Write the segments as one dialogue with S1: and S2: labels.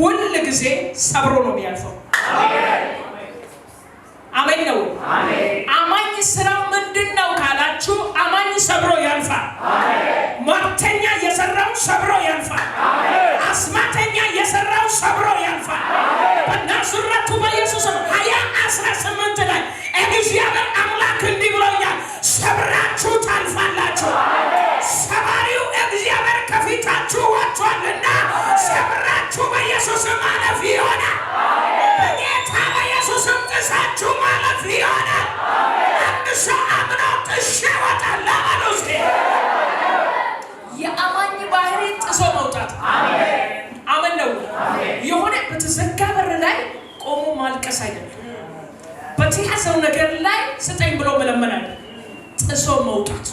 S1: ሁል ጊዜ ሰብሮ ነው የሚያልፈው። አሜን ነው። አማኝ ስራ ምንድን ነው ካላችሁ፣ አማኝ ሰብሮ ያልፋል። ሟርተኛ የሰራው ሰብሮ ያልፋል። አስማተኛ የሰራው ሰብሮ ያልፋል። በያዘው ነገር ላይ ስጠኝ ብሎ መለመናል። ጥሶ መውጣት፣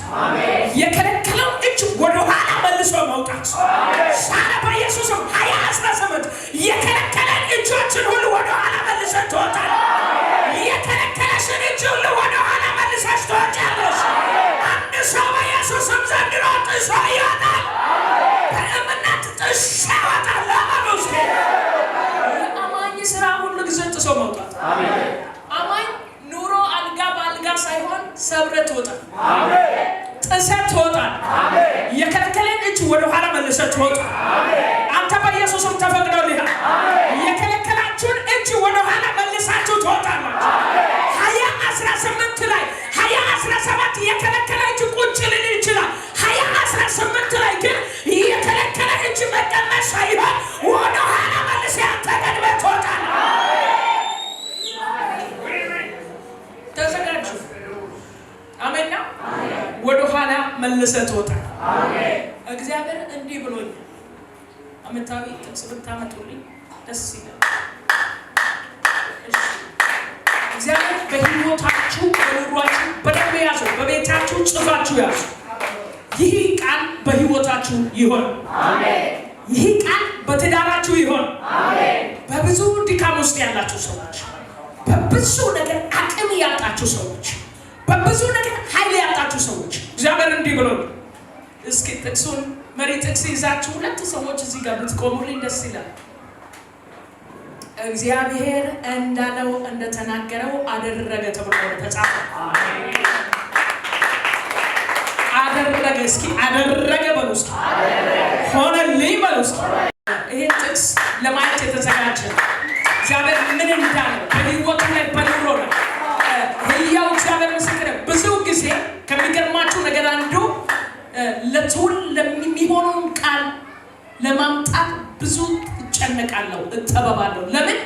S1: የከለከለው እጅ ወደኋላ መልሶ መውጣት። ኧረ በኢየሱስ ሀያ አስራ ስምንት የከለከለን እጆችን ሁሉ ወደኋላ መልሰን ትወጣል። የከለከለሽን እጅ ሁሉ ወደኋላ መልሰሽ ትወጫለሽ። አንድ ሰው በኢየሱስም ዘንድሮ ጥሶ ሰብረህ ትወጣል። ጥሰት ትወጣል። የከልከለን እጅ ወደኋላ መለሰ ትወጣል። አንተ በኢየሱስም ተፈቅዶልሃል። ተመልሰ ትወጣ። እግዚአብሔር እንዲህ ብሎኛል። አመታዊ ጥቅስ ብታመጡልኝ ደስ ይላል። እግዚአብሔር በህይወታችሁ በኑሯችሁ በደንብ ያዙ፣ በቤታችሁ ጽፋችሁ ያዙ። ይህ ቃል በህይወታችሁ ይሆን፣ ይህ ቃል በትዳራችሁ ይሆን። በብዙ ድካም ውስጥ ያላችሁ ሰዎች፣ በብዙ ነገር አቅም ያጣችሁ ሰዎች፣ በብዙ ነገር እግዚአብሔር እንዲህ ብሎ እስኪ ጥቅሱን መሪ ጥቅስ ይዛችሁ ሁለት ሰዎች እዚህ ጋር ብትቆሙልኝ ደስ ይላል። እግዚአብሔር እንዳለው እንደተናገረው አደረገ ተብሎ ተጻፈ። አደረገ እስኪ አደረገ በሉ እስኪ ሆነልኝ በሉ እስኪ። ይሄ ጥቅስ ለማየት የተዘጋጀ እግዚአብሔር ምን እንዳ ለትውል የሚሆነውን ቃል ለማምጣት ብዙ እጨነቃለሁ፣ እጠበባለሁ። ለምን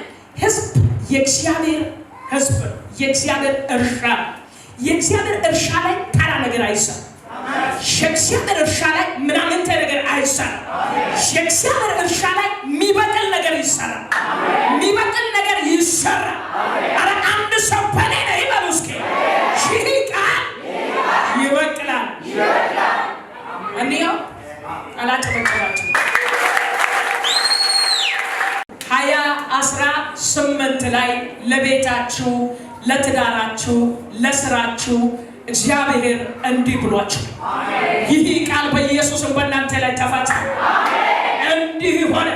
S1: ህዝብ የእግዚአብሔር ህዝብ የእግዚአብሔር እርሻ የእግዚአብሔር እርሻ ላይ ተራ ነገር አይሰራም። የእግዚአብሔር እርሻ ላይ ምናምንተ ነገር አይሰራም። የእግዚአብሔር እርሻ ላይ የሚበቅል ነገር ይሰራል። የሚበቅል ነገር ይሰራል። አረ አንድ ሰው በላይ ነው ይበሉ እስኪ ይህ ቃል ይበቅላል። እንዲያው አላጨበጨባችሁ። ሀያ አስራ ስምንት ላይ ለቤታችሁ፣ ለትዳራችሁ፣ ለስራችሁ እግዚአብሔር እንዲህ ብሏችሁ ይህ ቃል በኢየሱስም በእናንተ ላይ ተፈጸመ። እንዲህ ሆነ።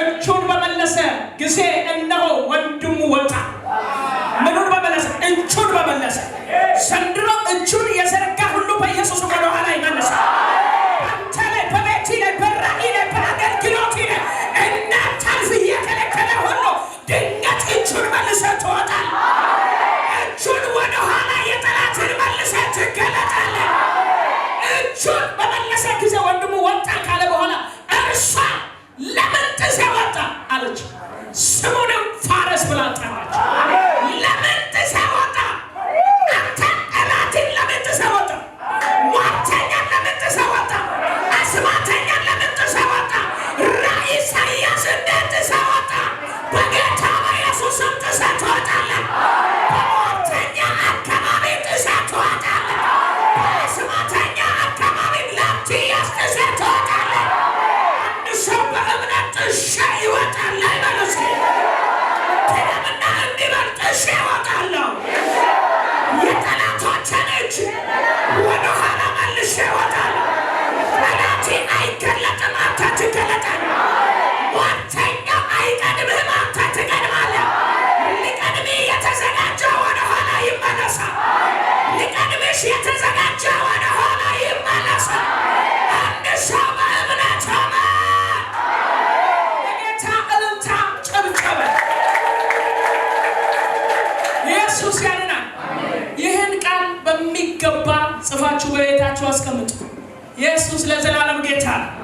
S1: እጁን በመለሰ ጊዜ እነሆ ወንድሙ ወጣ። ምኑን በመለሰ? እጁን በመለሰ ዘንድ የተዘጋጀ ወደ ሆነ ይመለሳል። አንድ ሰው በእምነት ሆነ። የጌታ እልልታ ጨብጨበ። ኢየሱስ ያድናል። ይህን ቃል በሚገባ ጽፋችሁ በቤታችሁ አስቀምጡ። ኢየሱስ ለዘላለም ጌታ ነው።